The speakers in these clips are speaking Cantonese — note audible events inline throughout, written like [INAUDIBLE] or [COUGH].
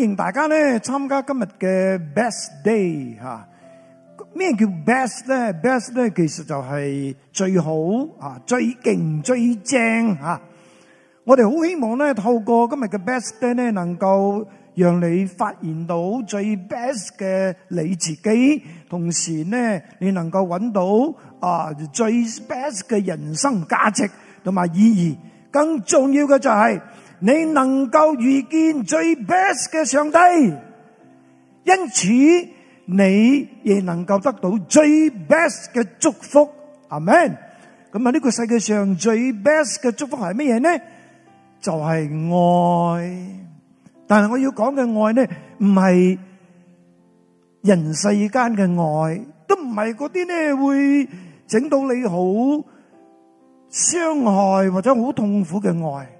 歡迎大家咧參加今日嘅 Best Day 吓，咩叫 Best 咧？Best 咧，其實就係最好啊，最勁、最正啊！我哋好希望咧，透過今日嘅 Best Day 咧，能夠讓你發現到最 Best 嘅你自己，同時咧，你能夠揾到啊最 Best 嘅人生價值同埋意義，更重要嘅就係。你能夠遇見最 best 嘅上帝，因此你亦能夠得到最 best 嘅祝福。阿門。咁啊，呢個世界上最 best 嘅祝福係乜嘢呢？就係愛。但係我要講嘅愛呢，唔係人世間嘅愛，都唔係嗰啲呢會整到你好傷害或者好痛苦嘅愛。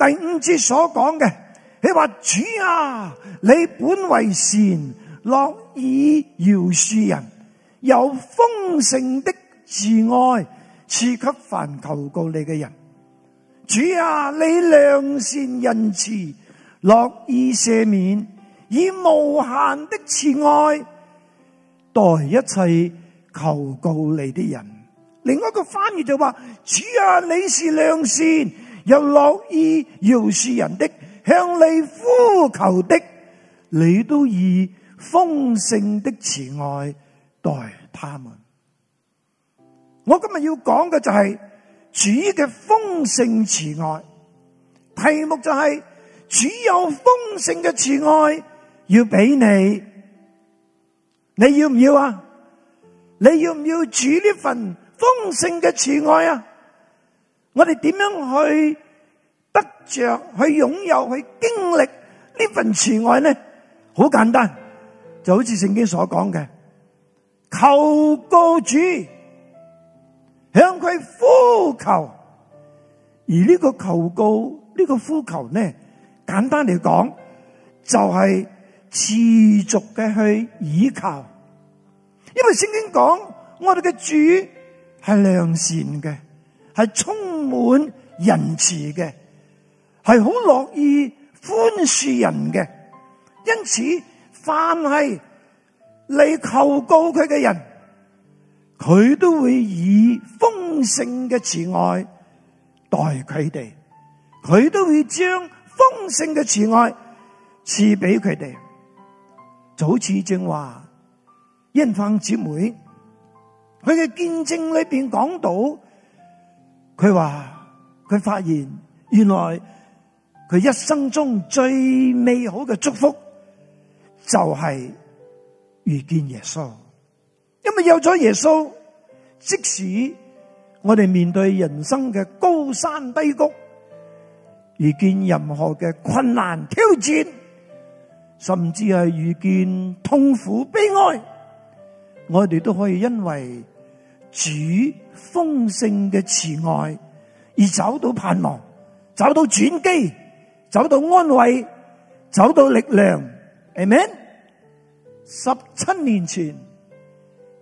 第五節所講嘅，你話主啊，你本為善，樂以饒恕人，有豐盛的慈愛賜給凡求告你嘅人。主啊，你良善仁慈，樂意赦免，以無限的慈愛待一切求告你的人。另外一個翻譯就話，主啊，你是良善。又樂意饒恕人的向你呼求的，你都以豐盛的慈愛待他們。我今日要講嘅就係主嘅豐盛慈愛，題目就係主有豐盛嘅慈愛要俾你，你要唔要啊？你要唔要主呢份豐盛嘅慈愛啊？我哋點樣去得着、去擁有、去經歷呢份慈愛呢？好簡單，就好似聖經所講嘅，求告主，向佢呼求。而呢個求告、呢、呢個呼求呢，簡單嚟講，就係、係、持續嘅去依靠。因為聖經講，我哋嘅主係良善嘅。係充滿仁慈嘅，係好樂意寬恕人嘅，因此凡係嚟求告佢嘅人，佢都會以豐盛嘅慈愛待佢哋，佢都會將豐盛嘅慈愛賜俾佢哋。就好似正話，因方姊妹佢嘅見證裏邊講到，佢話佢發現原來佢一生中最美好嘅祝福就係遇見耶穌，因為有咗耶穌，即使我哋面對人生嘅高山低谷，遇見任何嘅困難挑戰，甚至係遇見痛苦悲哀，我哋都可以因為。主豐盛嘅慈愛，而找到盼望，找到轉機，找到安慰，找到力量。Amen。十七年前，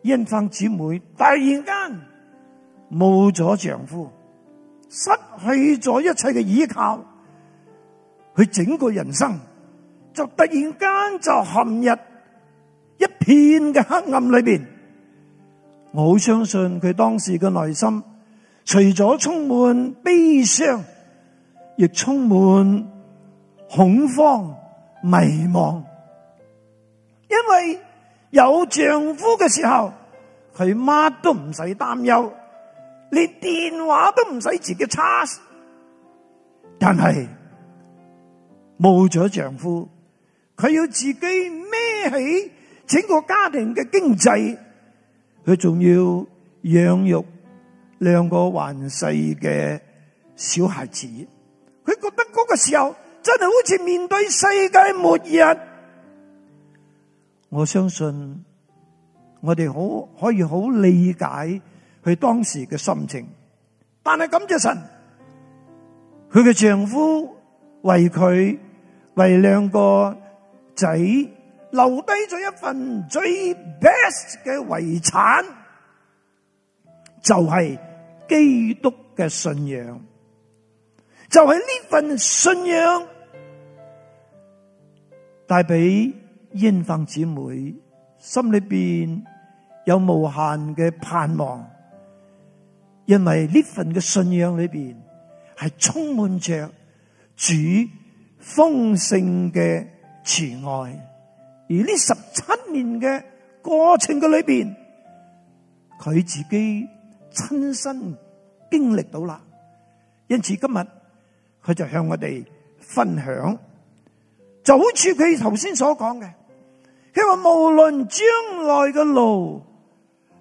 英方姊妹突然間冇咗丈夫，失去咗一切嘅依靠，佢整個人生就突然間就陷入一片嘅黑暗裏邊。我好相信佢當時嘅內心，除咗充滿悲傷，亦充滿恐慌、迷茫。因為有丈夫嘅時候，佢乜都唔使擔憂，連電話都唔使自己叉。但係冇咗丈夫，佢要自己孭起整個家庭嘅經濟。佢仲要養育兩個還細嘅小孩子，佢覺得嗰個時候真係好似面對世界末日。我相信我哋好可以好理解佢當時嘅心情，但係感謝神，佢嘅丈夫為佢為兩個仔。留低咗一份最 best 嘅遺產，就係、是、基督嘅信仰，就係、是、呢份信仰帶俾英方姊妹心裏邊有無限嘅盼望，因為呢份嘅信仰裏邊係充滿着主豐盛嘅慈愛。而呢十七年嘅過程嘅裏邊，佢自己親身經歷到啦，因此今日佢就向我哋分享，就好似佢頭先所講嘅，因為無論將來嘅路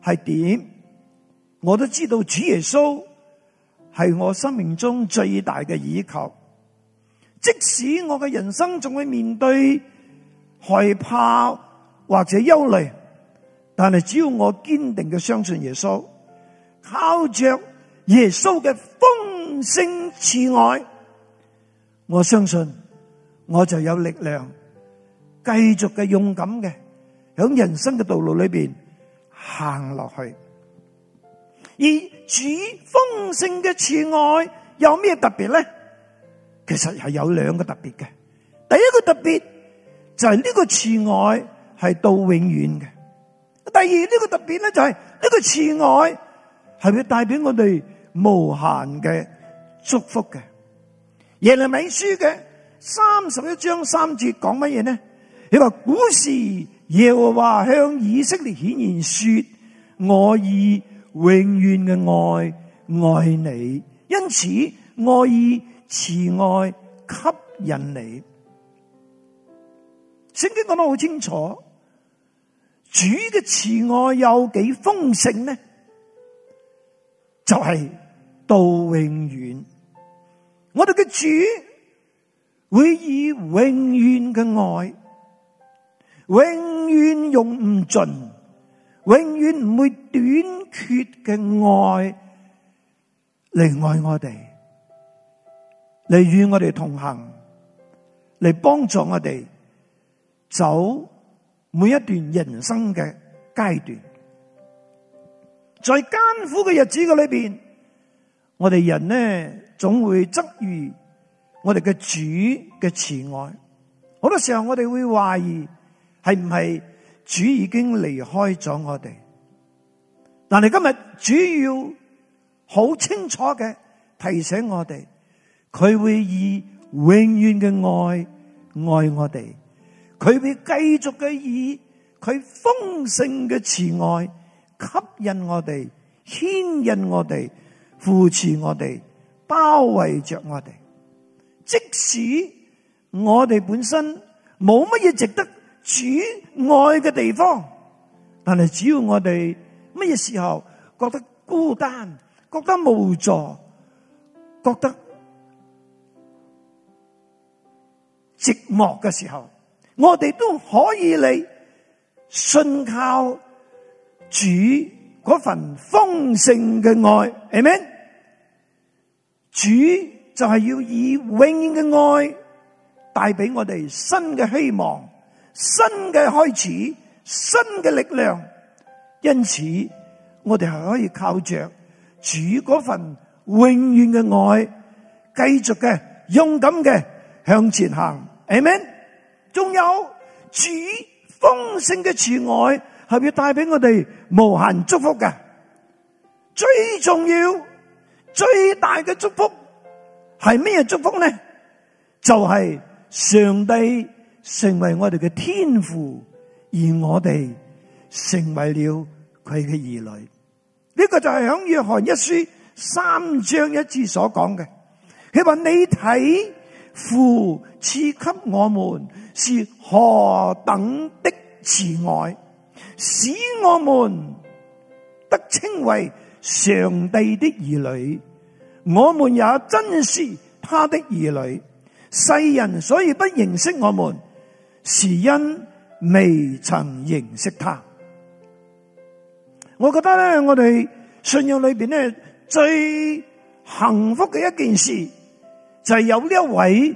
係點，我都知道主耶穌係我生命中最大嘅依靠，即使我嘅人生仲會面對。害怕或者憂慮，但係只要我堅定嘅相信耶穌，靠着耶穌嘅豐盛慈愛，我相信我就有力量，繼續嘅勇敢嘅響人生嘅道路裏邊行落去。而主豐盛嘅慈愛有咩特別咧？其實係有兩個特別嘅，第一個特別。就係、是、呢個慈愛係到永遠嘅。第二呢、這個特別咧、就是，就係呢個慈愛係會代表我哋無限嘅祝福嘅。耶利米書嘅三十一章三節講乜嘢呢？你話古時耶和華向以色列顯現說：我以永遠嘅愛愛你，因此我以慈愛吸引你。 [NOISE] 聖經講得好清楚，主嘅慈愛有幾豐盛呢？就係到永遠，我哋嘅主會以永遠嘅愛，永遠用唔盡，永遠唔會短缺嘅愛嚟愛我哋，嚟與我哋同行，嚟幫助我哋。走每一段人生嘅階段，在艱苦嘅日子裏邊，我哋人呢，總會質疑我哋嘅主嘅慈愛。好多時候我哋會懷疑係唔係主已經離開咗我哋。但係今日主要好清楚嘅提醒我哋，佢會以永遠嘅愛愛我哋。佢會繼續嘅以佢豐盛嘅慈愛吸引我哋，牽引我哋，扶持我哋，包圍着我哋。即使我哋本身冇乜嘢值得主愛嘅地方，但係只要我哋乜嘢時候覺得孤單、覺得無助、覺得寂寞嘅時候，我哋都可以嚟信靠主嗰份豐盛嘅愛，Amen。主就係要以永遠嘅愛帶俾我哋新嘅希望、新嘅開始、新嘅力量。因此，我哋係可以靠着主嗰份永遠嘅愛，繼續嘅勇敢嘅向前行，Amen。仲有主豐盛嘅慈愛，係要帶俾我哋無限祝福嘅。最重要、最大嘅祝福係咩嘢祝福呢？就係上帝成為我哋嘅天父，而我哋成為了佢嘅兒女。呢個就係響約翰一書三章一節所講嘅。佢話：你睇父賜給我們。是何等的慈愛，使我們得稱為上帝的兒女。我們也真是他的兒女。世人所以不認識我們，是因未曾認識他。我覺得咧，我哋信仰裏邊咧，最幸福嘅一件事，就係、是、有呢一位。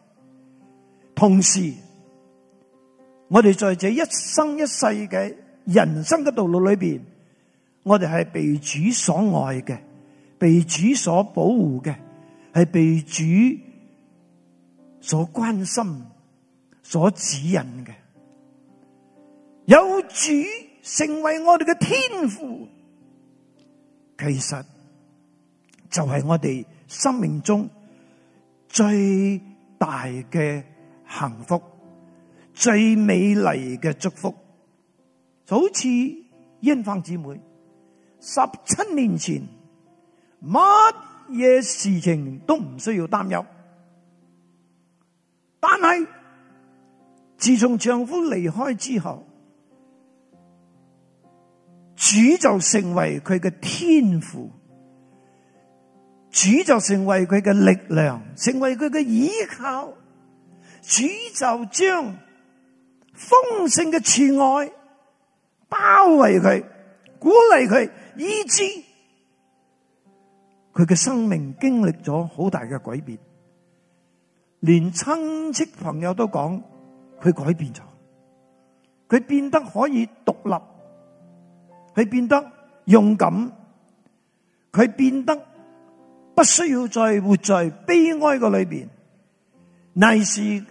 同時，我哋在這一生一世嘅人生嘅道路裏邊，我哋係被主所愛嘅，被主所保護嘅，係被主所關心、所指引嘅。有主成為我哋嘅天父，其實就係我哋生命中最大嘅。幸福最美麗嘅祝福，就好似英方姊妹十七年前，乜嘢事情都唔需要擔憂。但係自從丈夫離開之後，主就成為佢嘅天父，主就成為佢嘅力量，成為佢嘅依靠。主就將豐盛嘅慈愛包圍佢，鼓勵佢，以致佢嘅生命經歷咗好大嘅改變，連親戚朋友都講佢改變咗，佢變得可以獨立，佢變得勇敢，佢變得不需要再活在悲哀嘅裏邊，但是。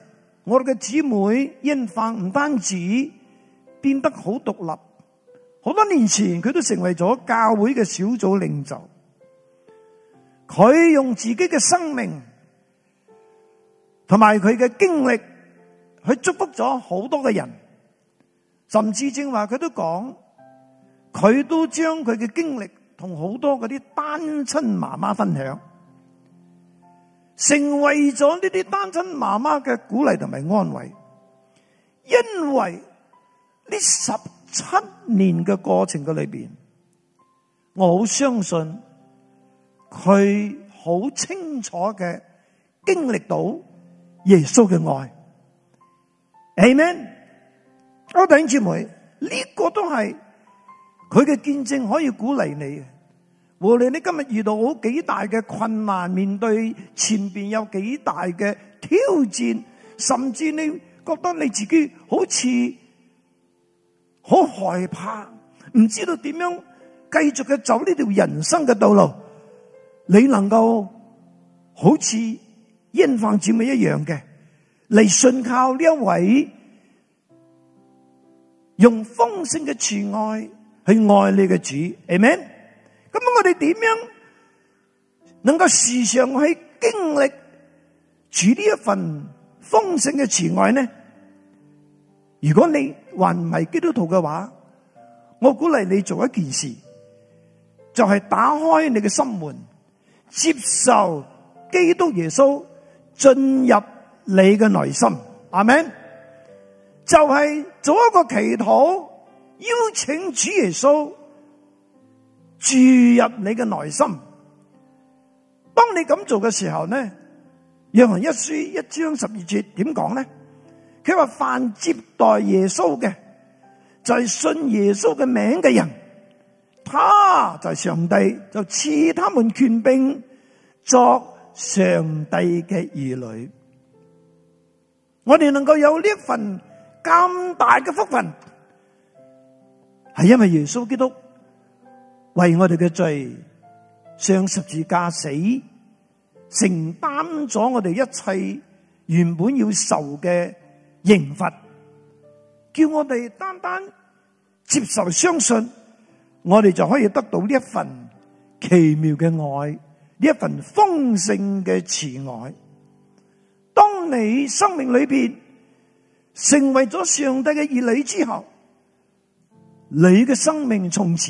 我哋嘅姊妹英范唔單止變得好獨立，好多年前佢都成為咗教會嘅小組領袖。佢用自己嘅生命同埋佢嘅經歷，去祝福咗好多嘅人。甚至正話佢都講，佢都將佢嘅經歷同好多嗰啲單親媽媽分享。成為咗呢啲單親媽媽嘅鼓勵同埋安慰，因為呢十七年嘅過程嘅裏邊，我好相信佢好清楚嘅經歷到耶穌嘅愛。Amen！我弟兄姊妹，呢個都係佢嘅見證，可以鼓勵你嘅。無論你今日遇到好幾大嘅困難，面對前邊有幾大嘅挑戰，甚至你覺得你自己好似好害怕，唔知道點樣繼續嘅走呢條人生嘅道路，你能夠好似英范姊妹一樣嘅嚟信靠呢一位用豐盛嘅慈愛去愛你嘅主，Amen。咁我哋點樣能夠時常去經歷住呢一份豐盛嘅慈愛呢？如果你還唔係基督徒嘅話，我鼓勵你做一件事，就係打開你嘅心門，接受基督耶穌進入你嘅內心。係咪？就係做一個祈禱，邀請主耶穌。注入你嘅內心。當你咁做嘅時候呢，約翰一書一章十二節點講呢？佢話凡接待耶穌嘅，就係、是、信耶穌嘅名嘅人，他就係上帝就賜他們權柄作上帝嘅兒女。我哋能夠有呢一份咁大嘅福分，係因為耶穌基督，為我哋嘅罪上十字架死，承擔咗我哋一切原本要受嘅刑罰，叫我哋單單接受相信，我哋就可以得到呢一份奇妙嘅愛，呢一份豐盛嘅慈愛。當你生命裏邊成為咗上帝嘅兒女之後，你嘅生命從此。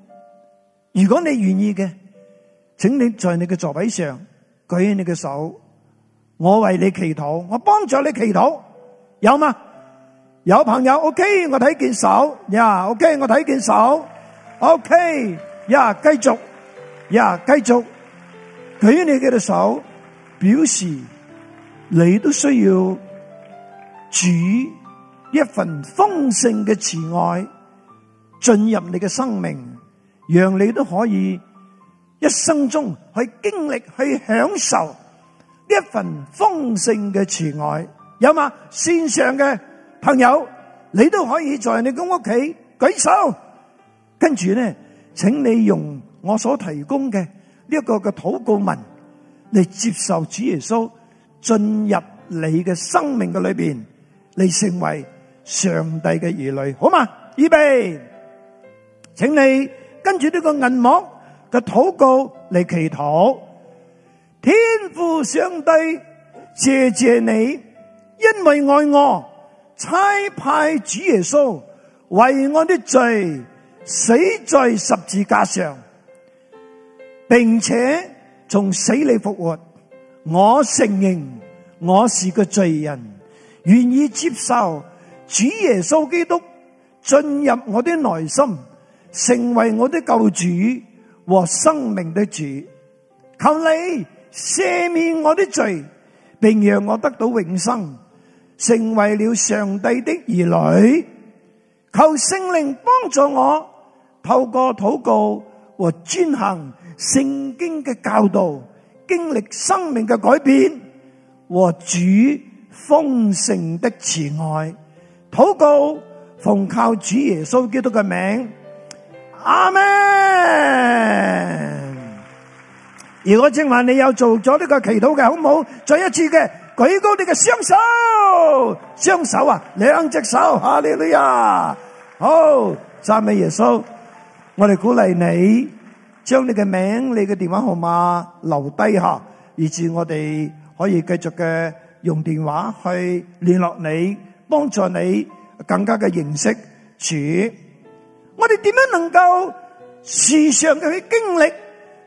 如果你願意嘅，請你在你嘅座位上舉起你嘅手，我為你祈禱，我幫助你祈禱，有嗎？有朋友，OK，我睇見手，呀、yeah,，OK，我睇見手，OK，呀、yeah,，繼續，呀、yeah,，繼續，舉起你嘅隻手，表示你都需要主一份豐盛嘅慈愛進入你嘅生命。讓你都可以一生中去經歷、去享受呢一份豐盛嘅慈愛，有嘛？線上嘅朋友，你都可以在你個屋企舉手，跟住咧，請你用我所提供嘅呢一個嘅禱告文嚟接受主耶穌進入你嘅生命嘅裏邊，嚟成為上帝嘅兒女，好嘛？預備，請你。跟住呢個銀幕嘅禱告嚟祈禱，天父上帝，謝謝你，因為愛我，差派主耶穌為我的罪死在十字架上，並且從死裡復活。我承認我是個罪人，願意接受主耶穌基督進入我的內心。成為我的救主和生命的主，求你赦免我的罪，並讓我得到永生，成為了上帝的兒女。求聖靈幫助我，透過禱告和遵行聖經嘅教導，經歷生命嘅改變和主豐盛的慈愛。禱告，奉靠主耶穌基督嘅名。阿們，如果正話你有做咗呢個祈禱嘅，好唔好？再一次嘅舉高你嘅雙手，雙手啊，兩隻手下嚟啦呀！好，讚美耶穌，我哋鼓勵你，將你嘅名、你嘅電話號碼留低吓，以致我哋可以繼續嘅用電話去聯絡你，幫助你更加嘅認識主。我哋點樣能夠時常嘅去經歷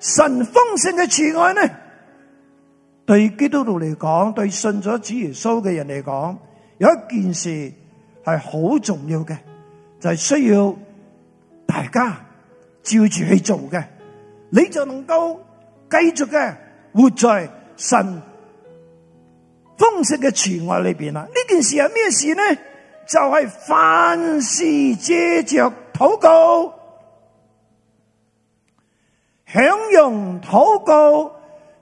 神豐盛嘅慈愛呢？對基督徒嚟講，對信咗主耶穌嘅人嚟講，有一件事係好重要嘅，就係需要大家照住去做嘅，你就能夠繼續嘅活在神豐盛嘅慈愛裏邊啦。呢件事係咩事呢？就係凡事借着。禱告，享用禱告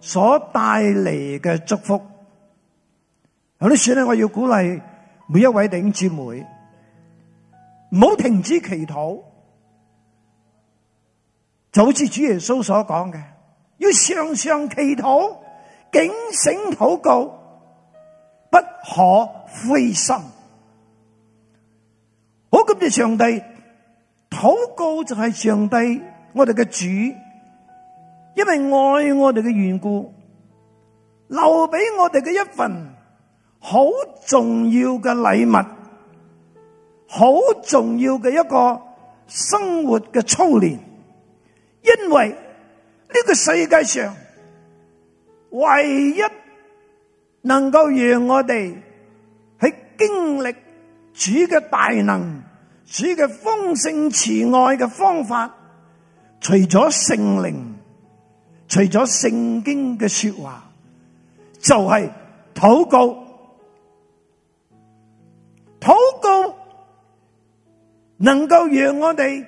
所帶嚟嘅祝福。有啲事咧，我要鼓勵每一位弟兄姊妹，唔好停止祈禱。就好似主耶穌所講嘅，要常常祈禱，警醒禱告，不可灰心。好，感謝上帝。禱告就係上帝，我哋嘅主，因為愛我哋嘅緣故，留俾我哋嘅一份好重要嘅禮物，好重要嘅一個生活嘅操練。因為呢個世界上唯一能夠讓我哋喺經歷主嘅大能。主嘅豐盛慈愛嘅方法，除咗聖靈，除咗聖經嘅說話，就係禱告。禱告能夠讓我哋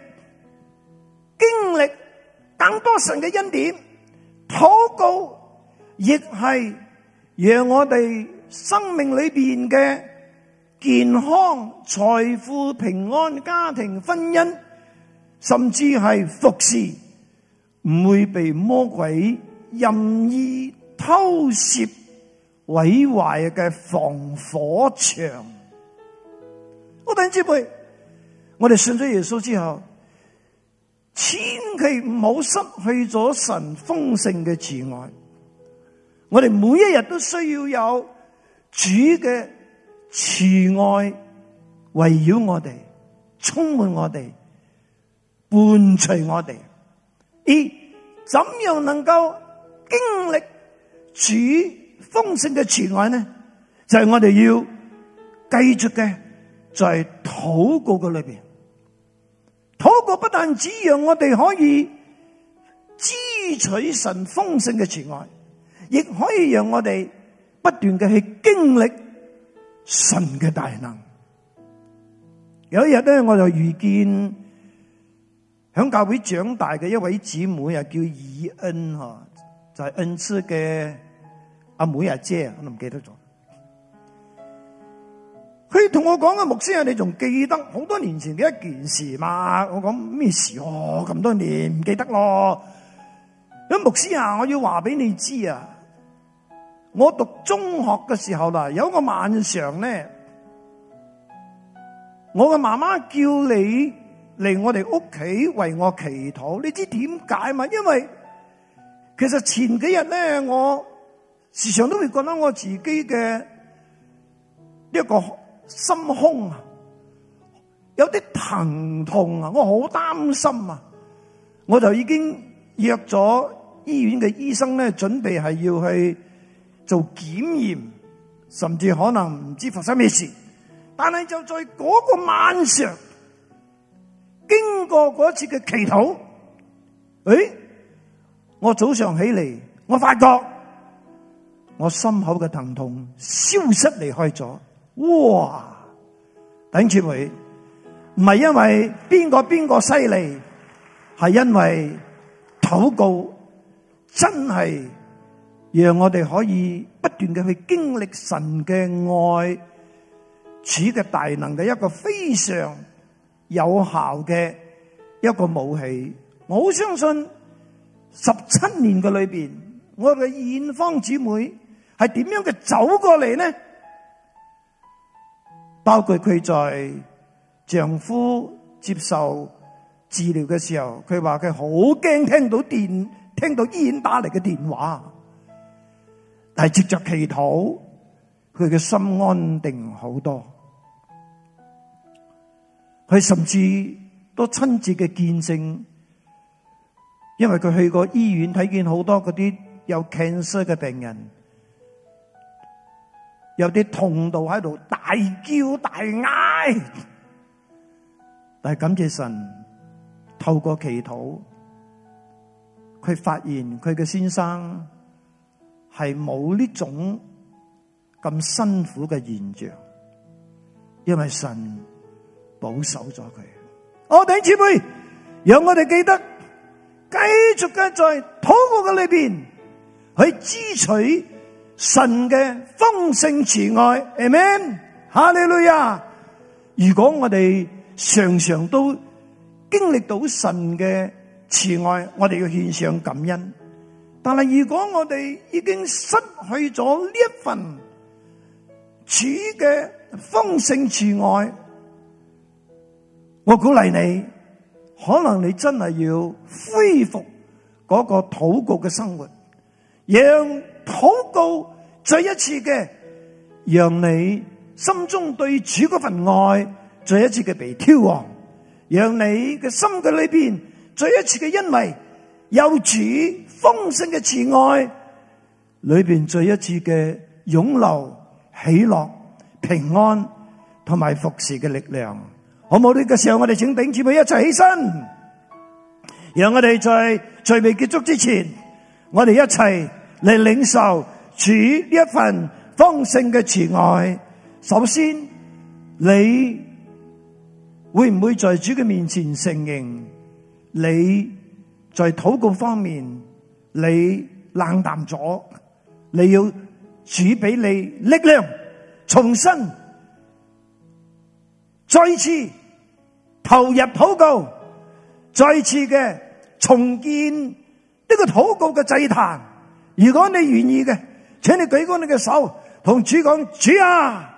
經歷更多神嘅恩典，禱告亦係讓我哋生命裏面嘅。健康、財富、平安、家庭、婚姻，甚至係服侍，唔會被魔鬼任意偷竊毀壞嘅防火牆。我等姊妹，我哋信咗耶穌之後，千祈唔好失去咗神豐盛嘅慈愛。我哋每一日都需要有主嘅。慈愛圍繞我哋，充滿我哋，伴隨我哋。而怎樣能夠經歷主豐盛嘅慈愛呢？就係、是、我哋要繼續嘅，在、就是、禱告嘅裏邊，禱告不但只讓我哋可以支取神豐盛嘅慈愛，亦可以讓我哋不斷嘅去經歷。神嘅大能，有一日咧，我就遇見響教會長大嘅一位姊妹，係叫以恩吓，就係、是、恩賜嘅阿妹阿姐，我都唔記得咗。佢同我講啊，牧師啊，你仲記得好多年前嘅一件事嘛？我講咩事哦？咁多年唔記得咯。咁牧師啊，我要話俾你知啊。我讀中學嘅時候啦，有一個晚上咧，我嘅媽媽叫你嚟我哋屋企為我祈禱。你知點解嘛？因為其實前幾日咧，我時常都會覺得我自己嘅一個心胸啊，有啲疼痛啊，我好擔心啊，我就已經約咗醫院嘅醫生咧，準備係要去。做檢驗，甚至可能唔知發生咩事。但係就在嗰個晚上，經過嗰次嘅祈禱，誒、哎，我早上起嚟，我發覺我心口嘅疼痛消失離開咗。哇！等住，佢唔係因為邊個邊個犀利，係因為禱告真係。讓我哋可以不斷嘅去經歷神嘅愛，主嘅大能嘅一個非常有效嘅一個武器。我好相信十七年嘅裏邊，我嘅艷芳姊妹係點樣嘅走過嚟呢？包括佢在丈夫接受治療嘅時候，佢話佢好驚聽到電，聽到醫院打嚟嘅電話。但係藉着祈禱，佢嘅心安定好多。佢甚至都親自嘅見證，因為佢去過醫院睇見好多嗰啲有 cancer 嘅病人，有啲痛到喺度大叫大嗌。但係感謝神，透過祈禱，佢發現佢嘅先生。係冇呢種咁辛苦嘅現象，因為神保守咗佢。我哋姊妹，讓我哋記得繼續嘅在禱告嘅裏邊去支取神嘅豐盛慈愛。Amen，哈利路亞！如果我哋常常都經歷到神嘅慈愛，我哋要獻上感恩。但係如果我哋已經失去咗呢一份主嘅豐盛慈愛，我鼓勵你，可能你真係要恢復嗰個禱告嘅生活，讓禱告再一次嘅，讓你心中對主嗰份愛再一次嘅被挑旺，讓你嘅心嘅裏邊再一次嘅因為有主。豐盛嘅慈愛裏邊再一次嘅湧流喜樂平安同埋服侍嘅力量，好冇？呢個時候，我哋請頂姊妹一齊起身，讓我哋在聚會結束之前，我哋一齊嚟領受主呢一份豐盛嘅慈愛。首先，你會唔會在主嘅面前承認你在禱告方面？你冷淡咗，你要主俾你力量，重新再次投入禱告，再次嘅重建呢個禱告嘅祭壇。如果你願意嘅，請你舉高你嘅手，同主講：主啊，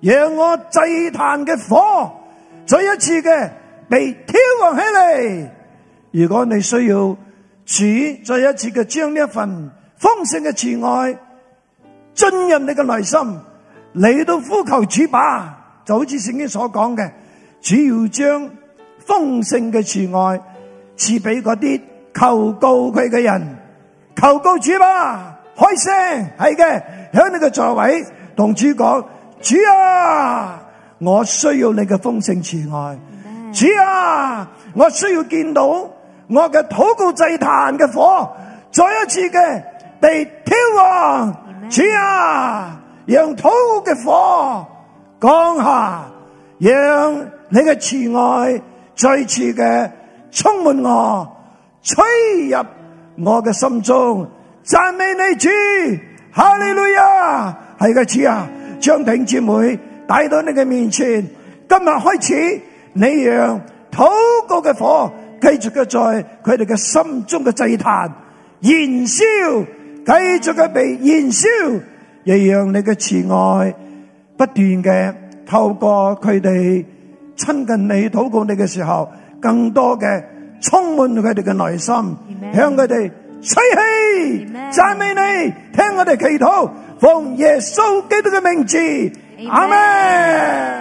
讓我祭壇嘅火再一次嘅被挑旺起嚟。如果你需要。主再一次嘅將呢一份豐盛嘅慈愛進入你嘅內心，嚟到呼求主吧，就好似聖經所講嘅，主要將豐盛嘅慈愛賜俾嗰啲求告佢嘅人，求告主啊，開聲，係嘅，響你嘅座位同主講，主啊，我需要你嘅豐盛慈愛，主啊，我需要見到。我嘅禱告祭壇嘅火再一次嘅被挑旺，主啊！讓禱告嘅火降下，讓你嘅慈愛再次嘅充滿我，吹入我嘅心中，讚美你主，哈利路亞！係嘅主啊，將婷姊妹帶到你嘅面前，今日開始，你讓禱告嘅火。繼續嘅在佢哋嘅心中嘅祭壇燃燒，繼續嘅被燃燒，亦讓你嘅慈愛不斷嘅透過佢哋親近你禱告你嘅時候，更多嘅充滿佢哋嘅內心，向佢哋吹氣讚美你，聽我哋祈禱，奉耶穌基督嘅名字，阿門。